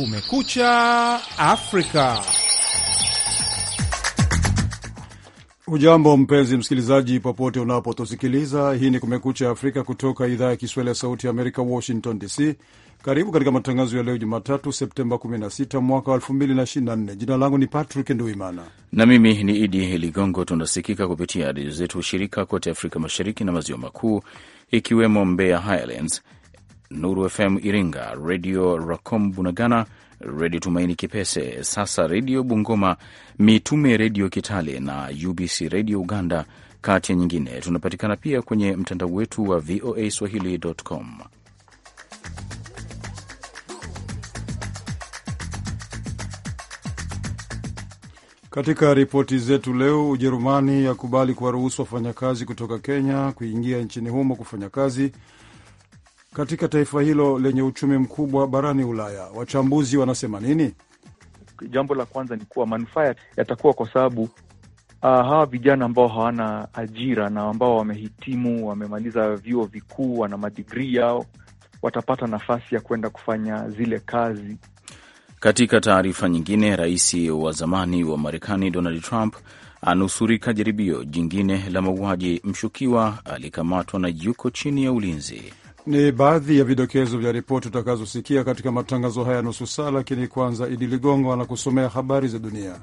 Kumekucha Afrika. Ujambo mpenzi msikilizaji, popote unapotusikiliza. Hii ni Kumekucha Afrika kutoka idhaa ya Kiswahili ya Sauti ya Amerika, Washington DC. Karibu katika matangazo ya leo Jumatatu, Septemba 16 mwaka 2024. Jina langu ni Patrick Nduimana na mimi ni Idi Ligongo. Tunasikika kupitia redio zetu shirika kote Afrika Mashariki na Maziwa Makuu, ikiwemo Mbeya Highlands Nuru FM Iringa, Redio Racom Bunagana, Redio Tumaini Kipese, Sasa Redio Bungoma, Mitume Redio Kitale na UBC Redio Uganda, kati ya nyingine. Tunapatikana pia kwenye mtandao wetu wa VOA Swahili.com. Katika ripoti zetu leo, Ujerumani yakubali kuwaruhusu wafanyakazi kutoka Kenya kuingia nchini humo kufanya kazi katika taifa hilo lenye uchumi mkubwa barani Ulaya. Wachambuzi wanasema nini? Jambo la kwanza ni kuwa manufaa yatakuwa kwa sababu Uh, hawa vijana ambao hawana ajira na ambao wamehitimu, wamemaliza vyuo vikuu, wana madigrii yao, watapata nafasi ya kwenda kufanya zile kazi. Katika taarifa nyingine, rais wa zamani wa Marekani Donald Trump anusurika jaribio jingine la mauaji. Mshukiwa alikamatwa na yuko chini ya ulinzi. Ni baadhi ya vidokezo vya ripoti utakazosikia katika matangazo haya nusu saa, lakini kwanza, Idi Ligongo anakusomea habari za dunia.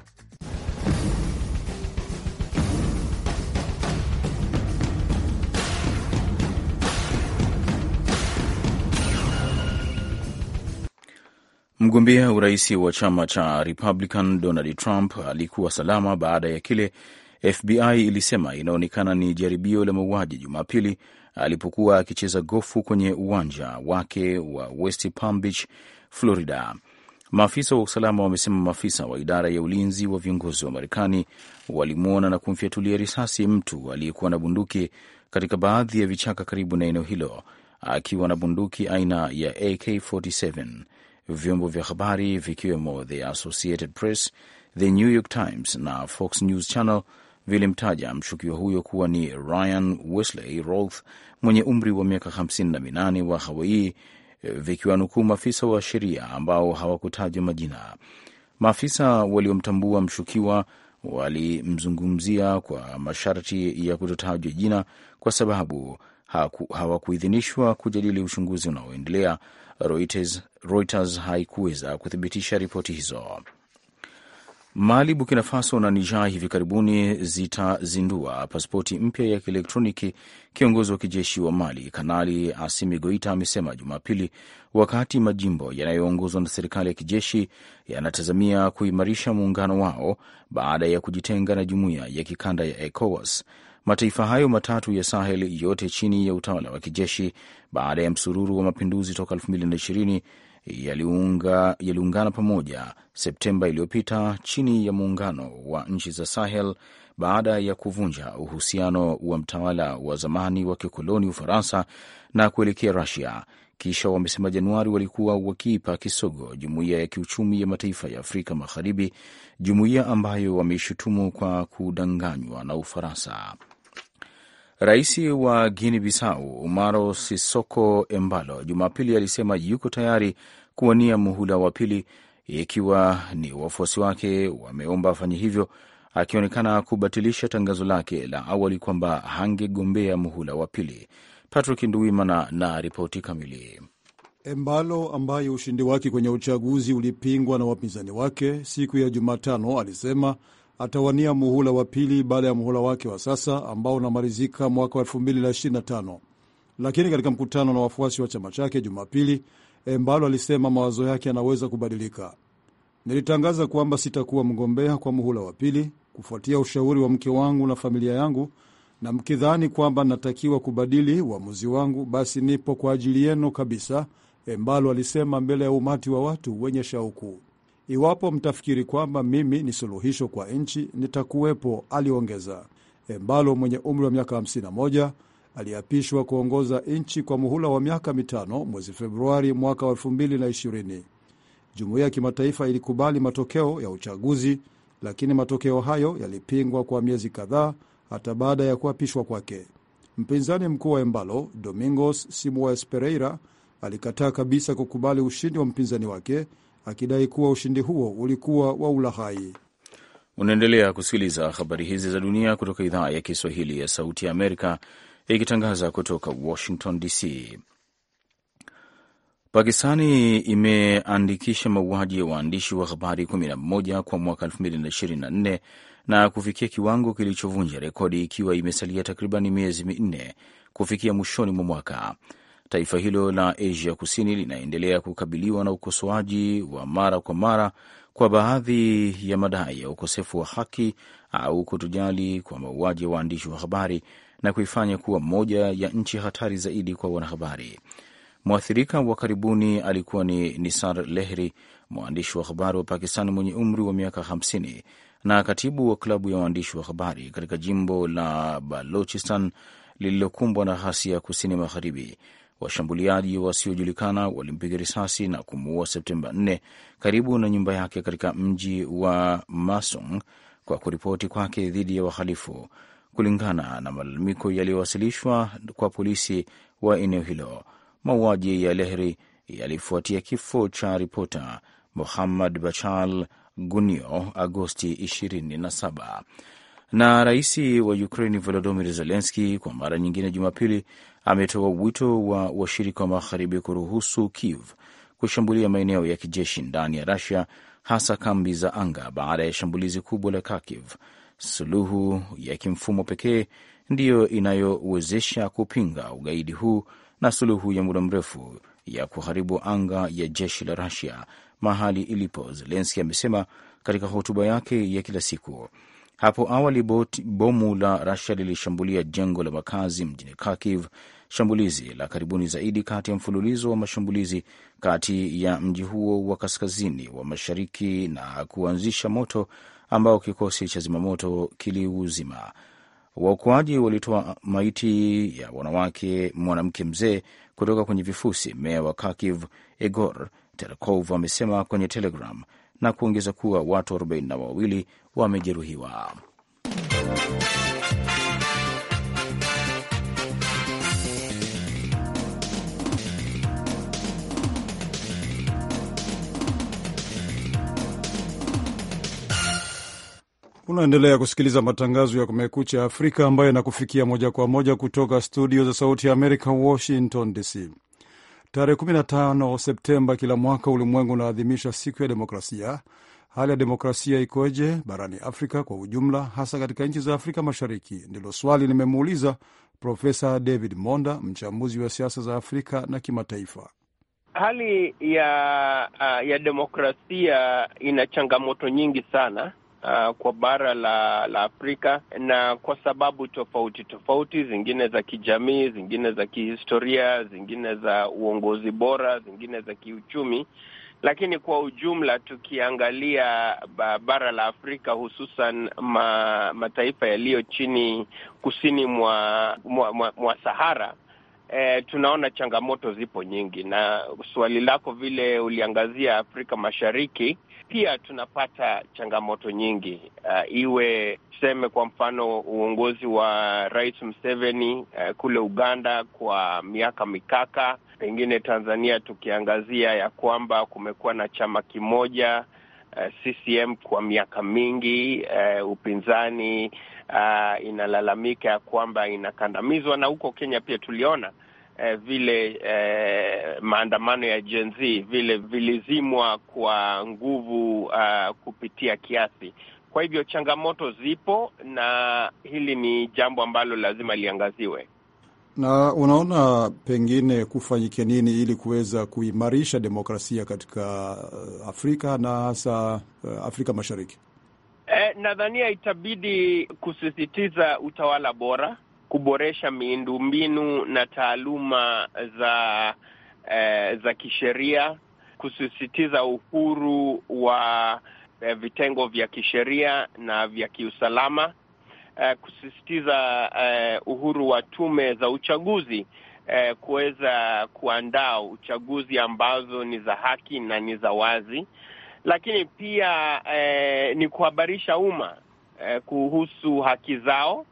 Mgombea urais wa chama cha Republican Donald Trump alikuwa salama baada ya kile FBI ilisema inaonekana ni jaribio la mauaji Jumapili alipokuwa akicheza gofu kwenye uwanja wake wa West Palm Beach, Florida. Maafisa wa usalama wamesema maafisa wa idara ya ulinzi wa viongozi wa Marekani walimwona na kumfyatulia risasi mtu aliyekuwa na bunduki katika baadhi ya vichaka karibu na eneo hilo akiwa na bunduki aina ya AK47. Vyombo vya habari vikiwemo The Associated Press, The New York Times na Fox News Channel vilimtaja mshukiwa huyo kuwa ni Ryan Wesley Rolth mwenye umri wa miaka 58 wa Hawaii, eh, vikiwanukuu maafisa wa sheria ambao hawakutajwa majina. Maafisa waliomtambua mshukiwa walimzungumzia kwa masharti ya kutotajwa jina kwa sababu hawakuidhinishwa kujadili uchunguzi unaoendelea. Reuters, Reuters haikuweza kuthibitisha ripoti hizo. Mali, Burkina Faso na Niger hivi karibuni zitazindua pasipoti mpya ya kielektroniki. Kiongozi wa kijeshi wa Mali Kanali Asimi Goita amesema Jumapili, wakati majimbo yanayoongozwa na serikali ya kijeshi yanatazamia kuimarisha muungano wao baada ya kujitenga na jumuiya ya kikanda ya ECOWAS. Mataifa hayo matatu ya Sahel yote chini ya utawala wa kijeshi baada ya msururu wa mapinduzi toka 2020 yaliungana yali pamoja Septemba iliyopita chini ya muungano wa nchi za Sahel baada ya kuvunja uhusiano wa mtawala wa zamani wa kikoloni Ufaransa na kuelekea Rusia. Kisha wamesema Januari walikuwa wakiipa kisogo Jumuiya ya Kiuchumi ya Mataifa ya Afrika Magharibi, jumuiya ambayo wameishutumu kwa kudanganywa na Ufaransa. Rais wa Guinea Bissau Umaro Sisoko Embalo Jumapili alisema yuko tayari kuwania muhula wa pili ikiwa ni wafuasi wake wameomba afanye hivyo, akionekana kubatilisha tangazo lake la awali kwamba hangegombea muhula wa pili. Patrick Nduwimana na ripoti kamili. Embalo ambaye ushindi wake kwenye uchaguzi ulipingwa na wapinzani wake siku ya Jumatano alisema atawania muhula wa pili baada ya muhula wake wa sasa ambao unamalizika mwaka wa 2025. Lakini katika mkutano na wafuasi wa chama chake Jumapili, Embalo alisema mawazo yake yanaweza kubadilika. Nilitangaza kwamba sitakuwa mgombea kwa muhula wa pili kufuatia ushauri wa mke wangu na familia yangu, na mkidhani kwamba natakiwa kubadili uamuzi wa wangu, basi nipo kwa ajili yenu kabisa, Embalo alisema mbele ya umati wa watu wenye shauku. Iwapo mtafikiri kwamba mimi ni suluhisho kwa nchi, nitakuwepo, aliongeza. Embalo mwenye umri wa miaka 51 aliapishwa kuongoza nchi kwa muhula wa miaka mitano mwezi Februari mwaka wa 2020. Jumuiya ya kimataifa ilikubali matokeo ya uchaguzi, lakini matokeo hayo yalipingwa kwa miezi kadhaa hata baada ya kuapishwa kwake. Mpinzani mkuu wa Embalo, Domingos Simoes Pereira, alikataa kabisa kukubali ushindi wa mpinzani wake akidai kuwa ushindi huo ulikuwa wa ulaghai. Unaendelea kusikiliza habari hizi za dunia kutoka idhaa ya Kiswahili ya Sauti ya Amerika ikitangaza kutoka Washington DC. Pakistani imeandikisha mauaji ya waandishi wa habari 11 kwa mwaka 2024 na kufikia kiwango kilichovunja rekodi, ikiwa imesalia takribani miezi minne kufikia mwishoni mwa mwaka. Taifa hilo la Asia Kusini linaendelea kukabiliwa na ukosoaji wa mara kwa mara kwa baadhi ya madai ya ukosefu wa haki au kutojali kwa mauaji ya waandishi wa habari na kuifanya kuwa moja ya nchi hatari zaidi kwa wanahabari. Mwathirika wa karibuni alikuwa ni Nisar Lehri, mwandishi wa habari wa Pakistan mwenye umri wa miaka 50 na katibu wa klabu ya waandishi wa habari katika jimbo la Balochistan lililokumbwa na ghasia kusini magharibi. Washambuliaji wasiojulikana walimpiga risasi na kumuua Septemba 4 karibu na nyumba yake katika mji wa Masung kwa kuripoti kwake dhidi ya wahalifu, kulingana na malalamiko yaliyowasilishwa kwa polisi wa eneo hilo. Mauaji ya Lehri yalifuatia kifo cha ripota Muhammad Bachal Gunio Agosti 27. Na rais wa Ukraini volodimir Zelenski kwa mara nyingine Jumapili ametoa wito wa washirika wa magharibi kuruhusu Kiev kushambulia maeneo ya kijeshi ndani ya rasia hasa kambi za anga, baada ya shambulizi kubwa la Kharkiv. Suluhu ya kimfumo pekee ndiyo inayowezesha kupinga ugaidi huu na suluhu ya muda mrefu ya kuharibu anga ya jeshi la rasia mahali ilipo, Zelenski amesema katika hotuba yake ya kila siku. Hapo awali bomu la rasia lilishambulia jengo la makazi mjini Kharkiv shambulizi la karibuni zaidi kati ya mfululizo wa mashambulizi kati ya mji huo wa kaskazini wa mashariki na kuanzisha moto ambao kikosi cha zimamoto kiliuzima. Waokoaji walitoa maiti ya wanawake mwanamke mzee kutoka kwenye vifusi. Meya wa Kharkiv Egor Terkov amesema kwenye Telegram na kuongeza kuwa watu arobaini na wawili wamejeruhiwa. Unaendelea kusikiliza matangazo ya Kumekucha Afrika ambayo yanakufikia moja kwa moja kutoka studio za Sauti ya Amerika, Washington DC. Tarehe 15 Septemba kila mwaka ulimwengu unaadhimisha siku ya demokrasia. Hali ya demokrasia ikoje barani Afrika kwa ujumla, hasa katika nchi za Afrika Mashariki? Ndilo swali nimemuuliza Profesa David Monda, mchambuzi wa siasa za Afrika na kimataifa. Hali ya uh, ya demokrasia ina changamoto nyingi sana uh, kwa bara la, la Afrika na kwa sababu tofauti tofauti, zingine za kijamii, zingine za kihistoria, zingine za uongozi bora, zingine za kiuchumi lakini kwa ujumla tukiangalia bara la Afrika hususan ma, mataifa yaliyo chini kusini mwa, mwa, mwa, mwa Sahara e, tunaona changamoto zipo nyingi, na swali lako vile uliangazia Afrika Mashariki pia tunapata changamoto nyingi uh, iwe tuseme kwa mfano uongozi wa Rais Museveni uh, kule Uganda kwa miaka mikaka, pengine Tanzania tukiangazia ya kwamba kumekuwa na chama kimoja uh, CCM kwa miaka mingi uh, upinzani uh, inalalamika ya kwamba inakandamizwa, na huko Kenya pia tuliona uh, vile uh, maandamano ya Gen Z vile vilizimwa kwa nguvu uh, kupitia kiasi. Kwa hivyo changamoto zipo na hili ni jambo ambalo lazima liangaziwe. Na unaona pengine kufanyike nini ili kuweza kuimarisha demokrasia katika eh, Afrika na hasa Afrika Mashariki? E, nadhania itabidi kusisitiza utawala bora, kuboresha miundombinu na taaluma za e, za kisheria, kusisitiza uhuru wa e, vitengo vya kisheria na vya kiusalama, e, kusisitiza e, uhuru wa tume za uchaguzi e, kuweza kuandaa uchaguzi ambazo ni za haki na ni za wazi lakini pia eh, ni kuhabarisha umma eh, kuhusu haki zao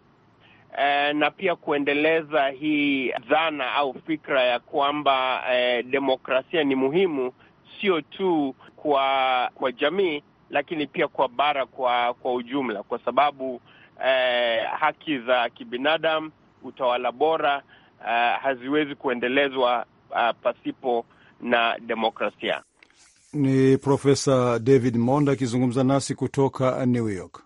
eh, na pia kuendeleza hii dhana au fikra ya kwamba eh, demokrasia ni muhimu sio tu kwa kwa jamii lakini pia kwa bara kwa kwa ujumla, kwa sababu eh, haki za kibinadamu, utawala bora eh, haziwezi kuendelezwa eh, pasipo na demokrasia. Ni Profesa David Monda akizungumza nasi kutoka New York.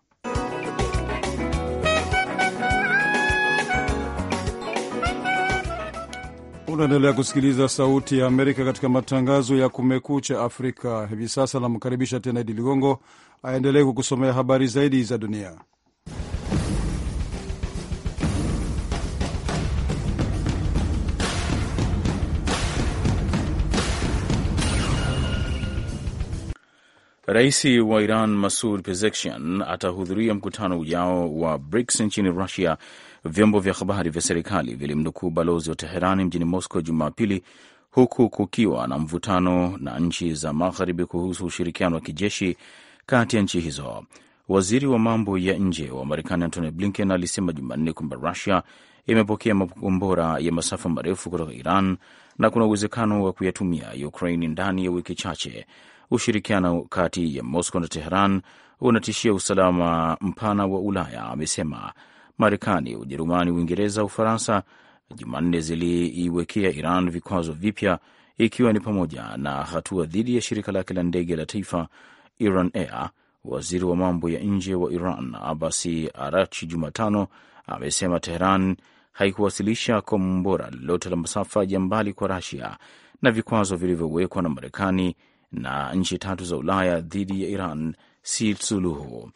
Unaendelea kusikiliza Sauti ya Amerika katika matangazo ya Kumekucha Afrika. Hivi sasa namkaribisha tena Idi Ligongo aendelee kukusomea habari zaidi za dunia. Rais wa Iran Masud Pezeshkian atahudhuria mkutano ujao wa BRICS nchini Russia, vyombo vya habari vya serikali vilimnukuu balozi wa Teherani mjini Moscow Jumapili, huku kukiwa na mvutano na nchi za magharibi kuhusu ushirikiano wa kijeshi kati ya nchi hizo. Waziri wa mambo ya nje wa Marekani Antony Blinken alisema Jumanne kwamba Rusia imepokea makombora ya masafa marefu kutoka Iran na kuna uwezekano wa kuyatumia ukraini ndani ya wiki chache, ushirikiano kati ya Moscow na Teheran unatishia usalama mpana wa Ulaya, amesema. Marekani, Ujerumani, Uingereza, Ufaransa Jumanne ziliiwekea Iran vikwazo vipya, ikiwa ni pamoja na hatua dhidi ya shirika lake la ndege la taifa Iran Air. Waziri wa mambo ya nje wa Iran Abasi Arachi Jumatano amesema Teheran haikuwasilisha kombora lolote la masafa ya mbali kwa Rasia, na vikwazo vilivyowekwa na Marekani na nchi tatu za Ulaya dhidi ya Iran si suluhu.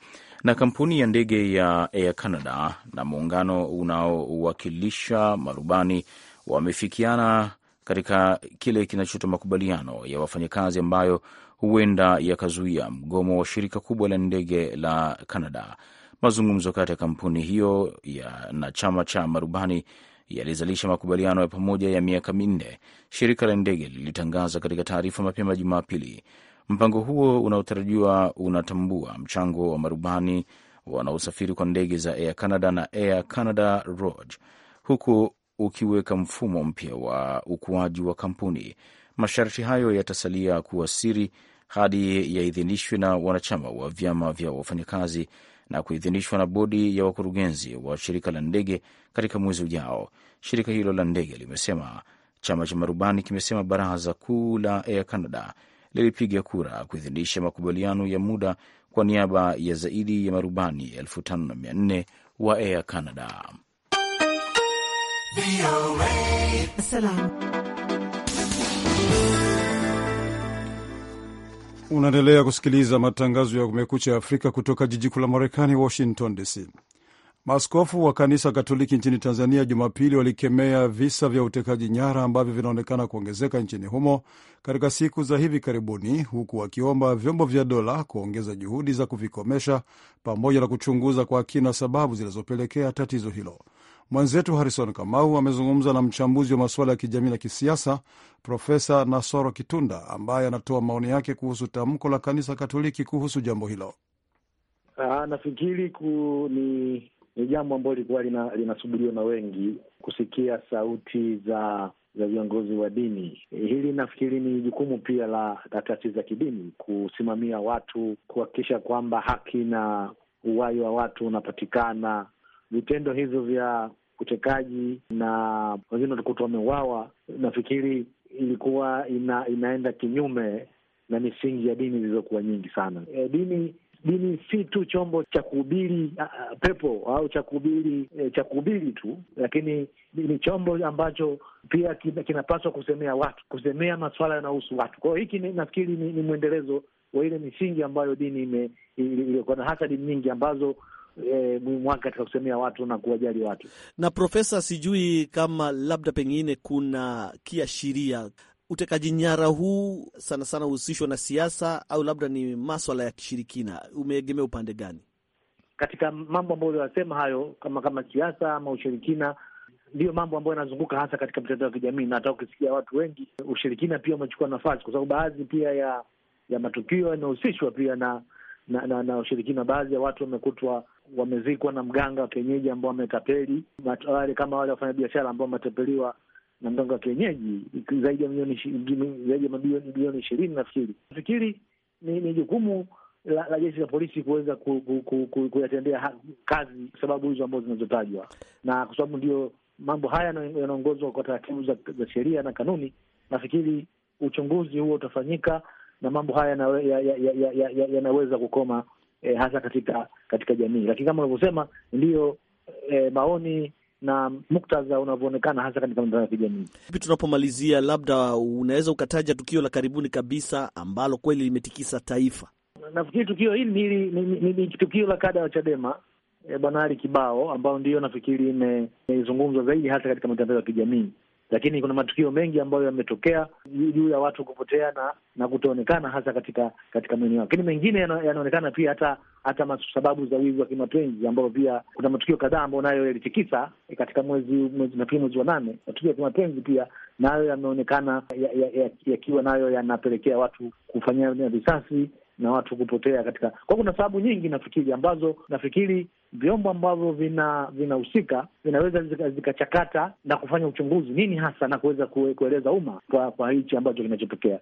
Na kampuni ya ndege ya Air Canada na muungano unaowakilisha marubani wamefikiana katika kile kinachoitwa makubaliano ya wafanyakazi ambayo huenda yakazuia mgomo wa shirika kubwa la ndege la Canada. Mazungumzo kati ya kampuni hiyo ya na chama cha marubani yalizalisha makubaliano ya pamoja ya miaka minne, shirika la ndege lilitangaza katika taarifa mapema Jumapili. Mpango huo unaotarajiwa unatambua mchango wa marubani wanaosafiri kwa ndege za Air Canada na Air Canada Rouge, huku ukiweka mfumo mpya wa ukuaji wa kampuni. Masharti hayo yatasalia kuwa siri hadi yaidhinishwe na wanachama wa vyama vya wafanyakazi na kuidhinishwa na bodi ya wakurugenzi wa shirika la ndege katika mwezi ujao, shirika hilo la ndege limesema. Chama cha marubani kimesema baraza kuu la Air Canada lilipiga kura kuidhinisha makubaliano ya muda kwa niaba ya zaidi ya marubani 5400 wa Air Canada. Unaendelea kusikiliza matangazo ya Kumekucha Afrika kutoka jiji kuu la Marekani, Washington DC. Maaskofu wa kanisa Katoliki nchini Tanzania Jumapili walikemea visa vya utekaji nyara ambavyo vinaonekana kuongezeka nchini humo katika siku za hivi karibuni, huku wakiomba vyombo vya dola kuongeza juhudi za kuvikomesha pamoja na kuchunguza kwa kina sababu zilizopelekea tatizo hilo. Mwenzetu Harison Kamau amezungumza na mchambuzi wa masuala ya kijamii na kisiasa Profesa Nasoro Kitunda ambaye anatoa maoni yake kuhusu tamko la kanisa Katoliki kuhusu jambo hilo. Aa, ah, nafikiri ku, ni, ni jambo ambalo lilikuwa linasubiriwa na wengi kusikia sauti za za viongozi wa dini. Hili nafikiri ni jukumu pia la taasisi za kidini kusimamia watu, kuhakikisha kwamba haki na uwai wa watu unapatikana vitendo hivyo vya utekaji na wengine walikuta wameuawa, nafikiri ilikuwa ina, inaenda kinyume na misingi ya dini zilizokuwa nyingi sana. E, dini dini si tu chombo cha kuhubiri pepo au cha kuhubiri e, cha kuhubiri tu, lakini ni chombo ambacho pia kinapaswa kusemea watu, kusemea maswala yanayohusu watu. Kwa hiyo hiki nafikiri ni, ni mwendelezo wa ile misingi ambayo dini iliyokuwa na hasa dini nyingi ambazo e, eh, muhimu wake katika kusemea watu na kuwajali watu. Na Profesa, sijui kama labda pengine kuna kiashiria utekaji nyara huu sana sana huhusishwa na siasa au labda ni maswala ya kishirikina, umeegemea upande gani katika mambo ambayo unasema hayo, kama kama siasa ama ushirikina? Ndiyo mambo ambayo yanazunguka hasa katika mitandao ya kijamii, na hata ukisikia watu wengi, ushirikina pia umechukua nafasi, kwa sababu baadhi pia ya ya matukio yanahusishwa pia na na, na na ushirikina. Baadhi ya watu wamekutwa wamezikwa na mganga wa kienyeji ambao wametapeli wale, kama wale wafanya biashara ambao wametapeliwa na mganga wa kienyeji zaidi ya milioni zaidi ya bilioni ishirini nafikiri. Nafikiri ni, ni jukumu la, la jeshi la polisi kuweza kuyatendea ku, ku, ku, kazi sababu hizo ambazo zinazotajwa, na kwa sababu ndio mambo haya yanaongozwa kwa taratibu za, za sheria na kanuni. Nafikiri uchunguzi huo utafanyika na mambo haya yanaweza ya, ya, ya, ya, ya, ya kukoma e, hasa katika katika jamii. Lakini kama unavyosema ndiyo, e, maoni na muktadha unavyoonekana hasa katika mitandao ya kijamii. Tunapomalizia, labda unaweza ukataja tukio la karibuni kabisa ambalo kweli limetikisa taifa. Nafikiri tukio hili ni tukio la kada wa Chadema e, Bwana Ali Kibao, ambao ndiyo nafikiri imezungumzwa zaidi hasa katika mitandao ya kijamii lakini kuna matukio mengi ambayo yametokea juu ya watu kupotea na na kutoonekana hasa katika katika maeneo yao, lakini mengine yanaonekana pia hata hata sababu za wizi wa kimapenzi, ambapo pia kuna matukio kadhaa ambayo nayo yalitikisa eh, katika mwezi mwezi pia mwezi wa nane, matukio ya kimapenzi pia nayo yameonekana yakiwa ya, ya, ya nayo yanapelekea watu kufanyia risasi na watu kupotea katika kwa. Kuna sababu nyingi nafikiri ambazo nafikiri vyombo ambavyo vinahusika vina vinaweza zikachakata na kufanya uchunguzi nini hasa na kuweza kueleza umma kwa, kwa hichi ambacho kinachotokea.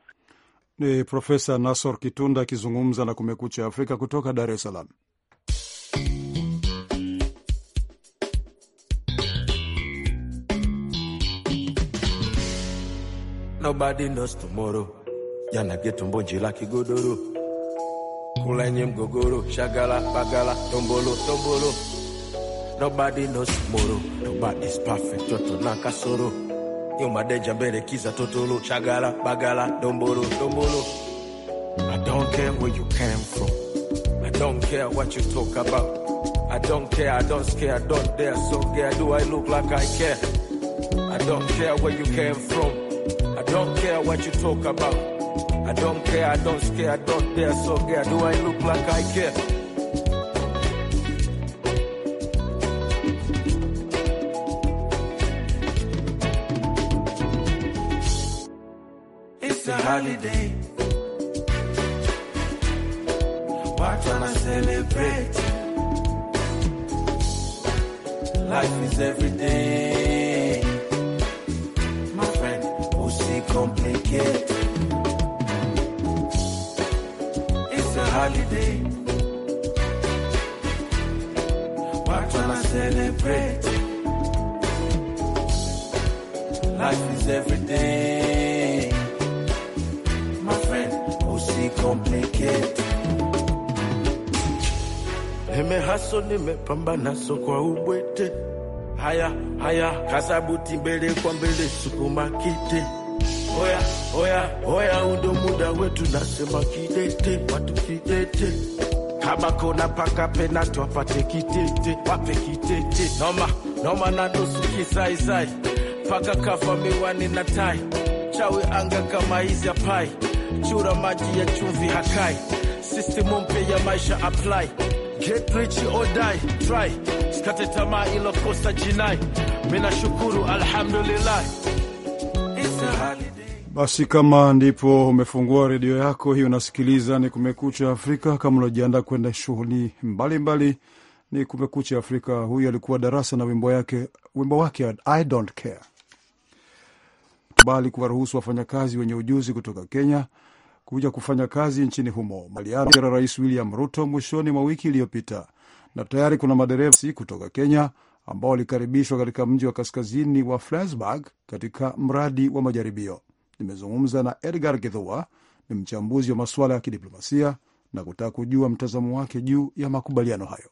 Ni Profesa Nasor Kitunda akizungumza na Kumekucha Afrika kutoka Dar es Salaam. Nobody knows tomorrow, jana getumbo njila kigodoro Kulenye mgogoro, shagala, bagala, tombolo, tombolo. Nobody knows tomorrow, nobody's perfect, toto na kasoro. Yo madeja bere kiza totolo, shagala, bagala, dombolo, dombolo. I don't care where you came from. I don't care what you talk about. I don't care, I don't care, I don't dare. So, care, do I look like I care? I don't care where you came from. I don't care what you talk about. I don't care, I don't scare, I don't dare, so care. Do I look like I care? It's a holiday. Why tryna celebrate? Life is everyday. is everything. My friend, usicomplicate. Nimehaso, nimepambanaso kwa ubwete. Haya haya, kasabuti mbele kwa mbele, sukuma kite. Oya oya oya, undo muda wetu, nasema kidete, watu kidete kama kona paka penatu apate kitete, wape kitete noma noma na nusu kisaisai mpaka kafa miwani na tai, chawi anga kama hizi apai, chura maji ya chumvi hakai, sistimu mpya ya maisha apply, get rich or die try, skate tamaa kosa jinai, mina shukuru alhamdulillah. it's a holiday Basi kama ndipo umefungua redio yako hiyo, unasikiliza ni Kumekucha Afrika. Kama unajiandaa kwenda shughuli mbalimbali, ni Kumekucha Afrika. Huyu alikuwa Darasa na wimbo yake, wimbo wake I don't care kukubali kuwaruhusu wafanyakazi wenye ujuzi kutoka Kenya kuja kufanya kazi nchini humo. Maliara Rais William Ruto mwishoni mwa wiki iliyopita, na tayari kuna madereva kutoka Kenya ambao walikaribishwa katika mji wa kaskazini wa Flensburg katika mradi wa majaribio. Nimezungumza na Edgar Gedhua, ni mchambuzi wa masuala ya kidiplomasia na kutaka kujua mtazamo wake juu ya makubaliano hayo.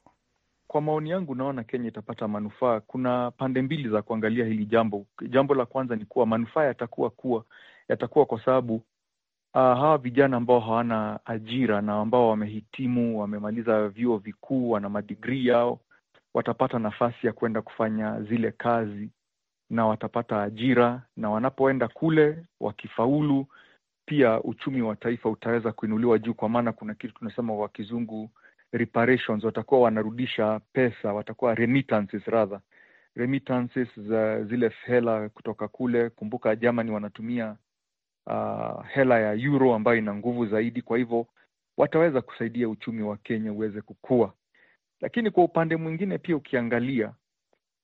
Kwa maoni yangu, naona Kenya itapata manufaa. Kuna pande mbili za kuangalia hili jambo. Jambo la kwanza ni kuwa manufaa yatakuwa kuwa yatakuwa kwa sababu uh, hawa vijana ambao hawana ajira na ambao wamehitimu, wamemaliza vyuo vikuu, wana madigrii yao, watapata nafasi ya kwenda kufanya zile kazi na watapata ajira, na wanapoenda kule wakifaulu, pia uchumi wa taifa utaweza kuinuliwa juu, kwa maana kuna kitu tunasema kwa kizungu reparations, watakuwa wanarudisha pesa, watakuwa remittances rather, remittances za zile hela kutoka kule. Kumbuka Germany wanatumia uh, hela ya euro ambayo ina nguvu zaidi, kwa hivyo wataweza kusaidia uchumi wa Kenya uweze kukua. Lakini kwa upande mwingine pia ukiangalia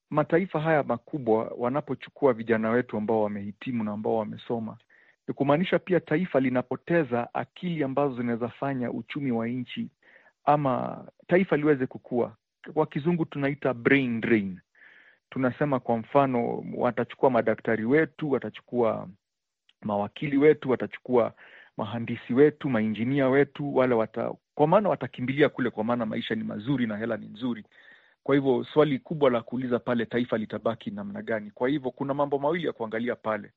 mataifa haya makubwa wanapochukua vijana wetu ambao wamehitimu na ambao wamesoma, ni kumaanisha pia taifa linapoteza akili ambazo zinaweza fanya uchumi wa nchi ama taifa liweze kukua. Kwa kizungu tunaita brain drain. Tunasema kwa mfano, watachukua madaktari wetu, watachukua mawakili wetu, watachukua mahandisi wetu, mainjinia wetu, wale wata, kwa maana watakimbilia kule, kwa maana maisha ni mazuri na hela ni nzuri. Kwa hivyo swali kubwa la kuuliza pale, taifa litabaki namna gani? Kwa hivyo kuna mambo mawili ya kuangalia pale.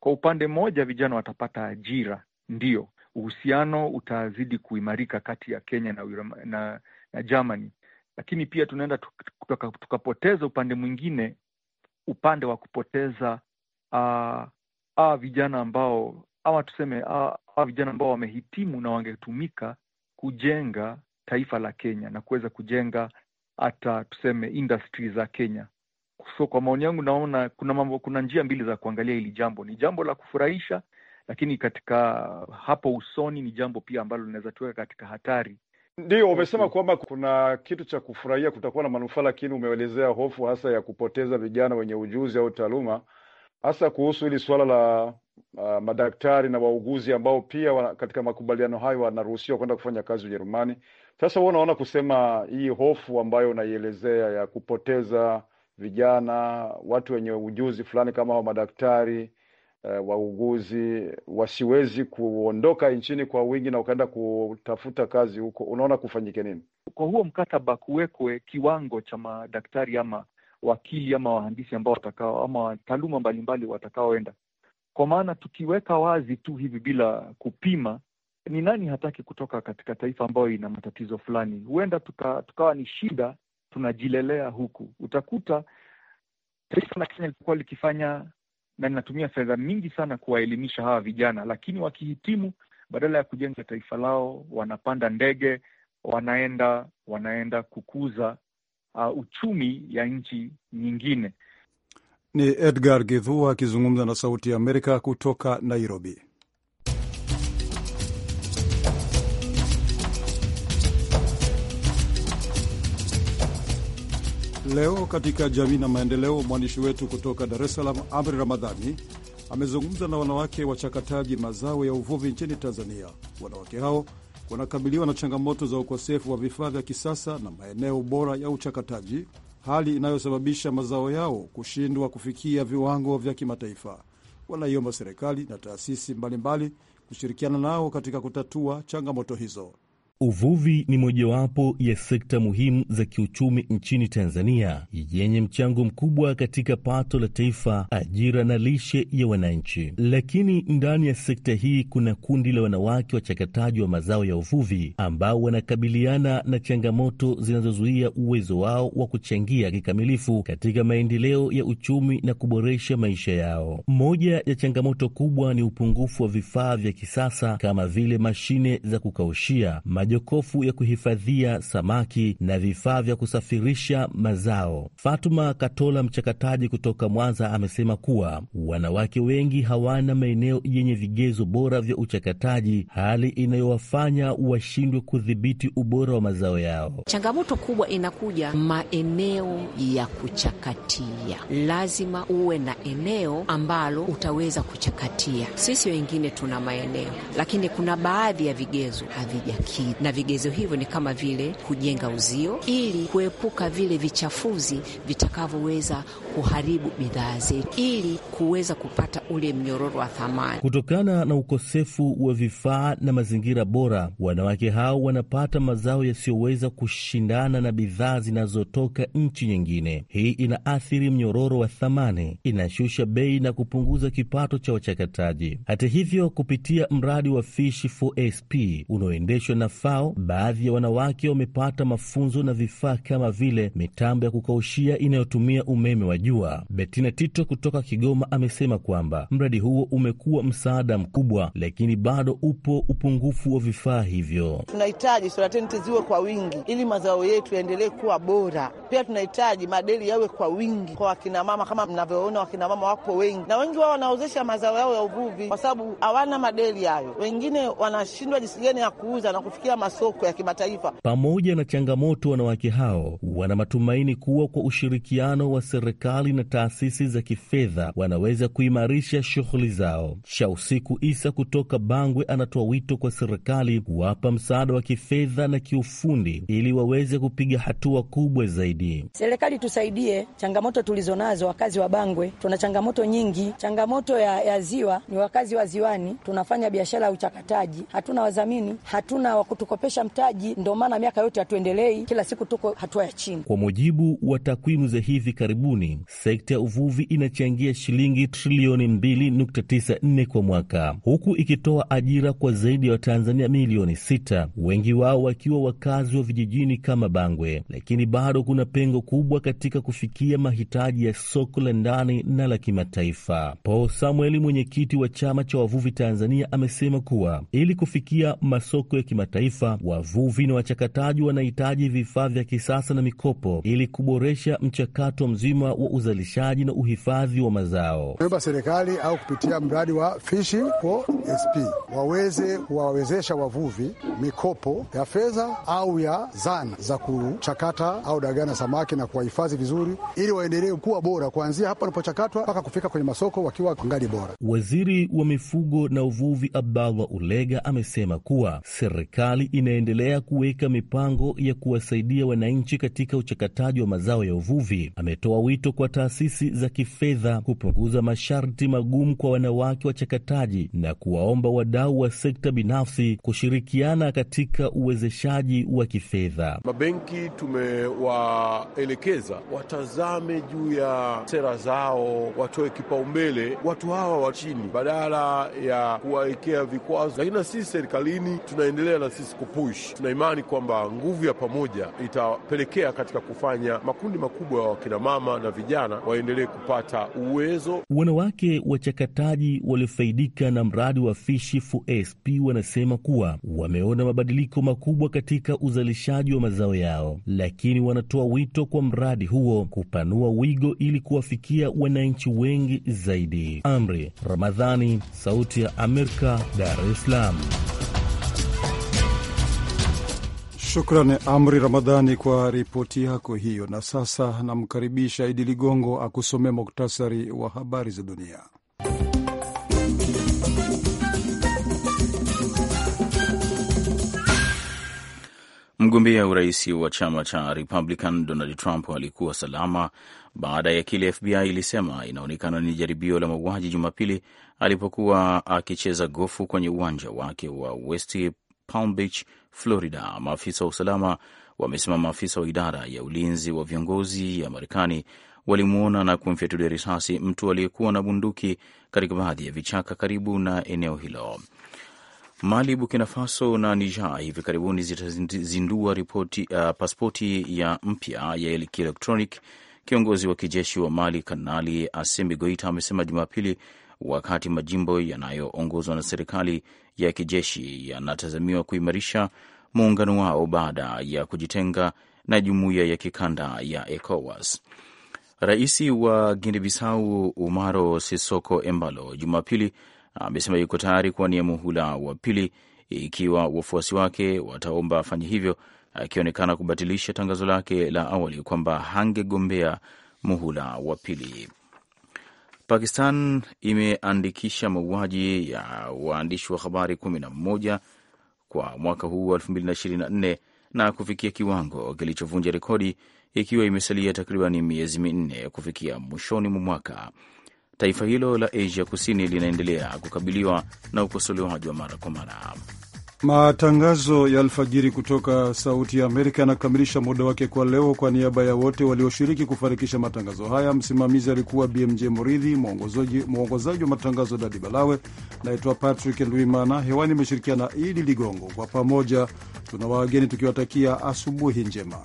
Kwa upande mmoja, vijana watapata ajira ndio uhusiano utazidi kuimarika kati ya Kenya na, na, na Germany, lakini pia tunaenda tukapoteza tuka upande mwingine, upande wa kupoteza uh, hawa vijana ambao ama tuseme hawa vijana ambao wamehitimu na wangetumika kujenga taifa la Kenya na kuweza kujenga hata tuseme industry za Kenya. So kwa maoni yangu, naona kuna mambo, kuna njia mbili za kuangalia hili jambo. Ni jambo la kufurahisha lakini katika hapo usoni ni jambo pia ambalo linaweza tuweka katika hatari. Ndio umesema kwamba kuna kitu cha kufurahia, kutakuwa na manufaa, lakini umeelezea hofu hasa ya kupoteza vijana wenye ujuzi au taaluma, hasa kuhusu hili suala la uh, madaktari na wauguzi ambao pia wana, katika makubaliano hayo wanaruhusiwa kwenda kufanya kazi Ujerumani. Sasa wewe unaona kusema hii hofu ambayo unaielezea ya kupoteza vijana, watu wenye ujuzi fulani kama hao madaktari uh, wauguzi wasiwezi kuondoka nchini kwa wingi na ukaenda kutafuta kazi huko, unaona kufanyike nini? Kwa huo mkataba kuwekwe kiwango cha madaktari ama wakili ama wahandisi ambao watakao ama taaluma mbalimbali watakaoenda, kwa maana tukiweka wazi tu hivi bila kupima ni nani hataki kutoka katika taifa ambayo ina matatizo fulani? Huenda tuka, tukawa ni shida tunajilelea huku. Utakuta taifa la Kenya lilikuwa likifanya na ninatumia fedha mingi sana kuwaelimisha hawa vijana, lakini wakihitimu, badala ya kujenga taifa lao, wanapanda ndege, wanaenda wanaenda kukuza uh, uchumi ya nchi nyingine. Ni Edgar Githua akizungumza na Sauti ya Amerika kutoka Nairobi. Leo katika jamii na maendeleo, mwandishi wetu kutoka Dar es Salaam, Amri Ramadhani, amezungumza na wanawake wachakataji mazao ya uvuvi nchini Tanzania. Wanawake hao wanakabiliwa na changamoto za ukosefu wa vifaa vya kisasa na maeneo bora ya uchakataji, hali inayosababisha mazao yao kushindwa kufikia viwango vya kimataifa. Wanaiomba serikali na taasisi mbalimbali kushirikiana nao katika kutatua changamoto hizo. Uvuvi ni mojawapo ya sekta muhimu za kiuchumi nchini Tanzania, yenye mchango mkubwa katika pato la taifa, ajira na lishe ya wananchi. Lakini ndani ya sekta hii kuna kundi la wanawake wachakataji wa mazao ya uvuvi ambao wanakabiliana na changamoto zinazozuia uwezo wao wa kuchangia kikamilifu katika maendeleo ya uchumi na kuboresha maisha yao. Moja ya changamoto kubwa ni upungufu wa vifaa vya kisasa kama vile mashine za kukaushia majokofu ya kuhifadhia samaki na vifaa vya kusafirisha mazao. Fatuma Katola, mchakataji kutoka Mwanza, amesema kuwa wanawake wengi hawana maeneo yenye vigezo bora vya uchakataji, hali inayowafanya washindwe kudhibiti ubora wa mazao yao. Changamoto kubwa inakuja maeneo ya kuchakatia, lazima uwe na eneo ambalo utaweza kuchakatia. Sisi wengine tuna maeneo, lakini kuna baadhi ya vigezo havijakidhi na vigezo hivyo ni kama vile kujenga uzio ili kuepuka vile vichafuzi vitakavyoweza kuharibu bidhaa zetu ili kuweza kupata ule mnyororo wa thamani. Kutokana na ukosefu wa vifaa na mazingira bora, wanawake hao wanapata mazao yasiyoweza kushindana na bidhaa zinazotoka nchi nyingine. Hii inaathiri mnyororo wa thamani, inashusha bei na kupunguza kipato cha wachakataji. Hata hivyo, kupitia mradi wa Fish 4 SP unaoendeshwa na FAO, baadhi ya wanawake wamepata mafunzo na vifaa kama vile mitambo ya kukaushia inayotumia umeme wa jua. Betina Tito kutoka Kigoma amesema kwamba mradi huo umekuwa msaada mkubwa, lakini bado upo upungufu wa vifaa hivyo. Tunahitaji sola tenti ziwe kwa wingi ili mazao yetu yaendelee kuwa bora. Pia tunahitaji madeli yawe kwa wingi kwa wakinamama. Kama mnavyoona, wakinamama wapo wengi na wengi wao wanaozesha mazao yao ya uvuvi, kwa sababu hawana madeli hayo. Wengine wanashindwa jinsi gani ya kuuza na kufikia pia masoko ya kimataifa. Pamoja na changamoto, wanawake hao wana matumaini kuwa kwa ushirikiano wa serikali na taasisi za kifedha wanaweza kuimarisha shughuli zao. Shausiku Isa kutoka Bangwe anatoa wito kwa serikali kuwapa msaada wa kifedha na kiufundi ili waweze kupiga hatua kubwa zaidi. Serikali tusaidie changamoto tulizonazo. Wakazi wa Bangwe tuna changamoto nyingi. Changamoto ya, ya ziwa ni wakazi wa ziwani, tunafanya biashara ya uchakataji, hatuna wadhamini, hatuna wakutu kutukopesha mtaji, ndio maana miaka yote hatuendelei, kila siku tuko hatua ya chini. Kwa mujibu wa takwimu za hivi karibuni, sekta ya uvuvi inachangia shilingi trilioni 2.94 kwa mwaka, huku ikitoa ajira kwa zaidi ya wa Watanzania milioni 6, wengi wao wakiwa wakazi wa vijijini kama Bangwe, lakini bado kuna pengo kubwa katika kufikia mahitaji ya soko la ndani na la kimataifa. Paul Samuel, mwenyekiti wa chama cha wavuvi Tanzania, amesema kuwa ili kufikia masoko ya kimataifa kimataifa, wavuvi na wachakataji wanahitaji vifaa vya kisasa na mikopo ili kuboresha mchakato mzima wa uzalishaji na uhifadhi wa mazao. Naomba serikali au kupitia mradi wa Fishing for SP waweze kuwawezesha wavuvi mikopo ya fedha au ya zana za kuchakata au dagaa na samaki na kuwahifadhi vizuri, ili waendelee kuwa bora kuanzia hapa wanapochakatwa mpaka kufika kwenye masoko wakiwa ngali bora. Waziri wa mifugo na uvuvi Abdallah Ulega amesema kuwa serikali serikali inaendelea kuweka mipango ya kuwasaidia wananchi katika uchakataji wa mazao ya uvuvi. Ametoa wito kwa taasisi za kifedha kupunguza masharti magumu kwa wanawake wachakataji na kuwaomba wadau wa sekta binafsi kushirikiana katika uwezeshaji wa kifedha. Mabenki tumewaelekeza watazame juu ya sera zao, watoe kipaumbele watu hawa wa chini badala ya kuwawekea vikwazo, lakini na sisi serikalini tunaendelea na sisi sisi kupush. Tuna imani kwamba nguvu ya pamoja itapelekea katika kufanya makundi makubwa ya wakinamama na vijana waendelee kupata uwezo. Wanawake wachakataji waliofaidika na mradi wa fishi for wanasema kuwa wameona mabadiliko makubwa katika uzalishaji wa mazao yao, lakini wanatoa wito kwa mradi huo kupanua wigo ili kuwafikia wananchi wengi zaidi. Amri Ramadhani, Sauti ya Amerika, Dar es Salaam. Shukran Amri Ramadhani kwa ripoti yako hiyo. Na sasa namkaribisha Idi Ligongo akusomea muktasari wa habari za dunia. Mgombea urais wa chama cha Republican Donald Trump alikuwa salama baada ya kile FBI ilisema inaonekana ni jaribio la mauaji Jumapili alipokuwa akicheza gofu kwenye uwanja wake wa West Palm Beach, Florida. Maafisa wa usalama wamesema maafisa wa idara ya ulinzi wa viongozi ya Marekani walimwona na kumfyatulia risasi mtu aliyekuwa na bunduki katika baadhi ya vichaka karibu na eneo hilo. Mali, Burkina Faso na Niger hivi karibuni zitazindua ripoti, uh, paspoti ya mpya ya kielektronic. Kiongozi wa kijeshi wa Mali Kanali Assimi Goita amesema Jumapili, wakati majimbo yanayoongozwa na serikali ya kijeshi yanatazamiwa kuimarisha muungano wao baada ya kujitenga na jumuiya ya kikanda ya ECOWAS. Rais wa Guinea-Bissau Umaro Sisoko Embalo Jumapili amesema yuko tayari kuwania muhula wa pili ikiwa wafuasi wake wataomba afanye hivyo, akionekana kubatilisha tangazo lake la awali kwamba hangegombea muhula wa pili. Pakistan imeandikisha mauaji ya waandishi wa habari 11 kwa mwaka huu wa 2024 na kufikia kiwango kilichovunja rekodi, ikiwa imesalia takriban miezi minne kufikia mwishoni mwa mwaka. Taifa hilo la Asia Kusini linaendelea kukabiliwa na ukosolewaji wa mara kwa mara. Matangazo ya alfajiri kutoka Sauti ya Amerika yanakamilisha muda wake kwa leo. Kwa niaba ya wote walioshiriki kufanikisha matangazo haya, msimamizi alikuwa BMJ Muridhi, mwongozaji wa matangazo Dadi Balawe. Naitwa Patrick Ndwimana, hewani imeshirikiana Idi Ligongo. Kwa pamoja tuna wageni tukiwatakia asubuhi njema.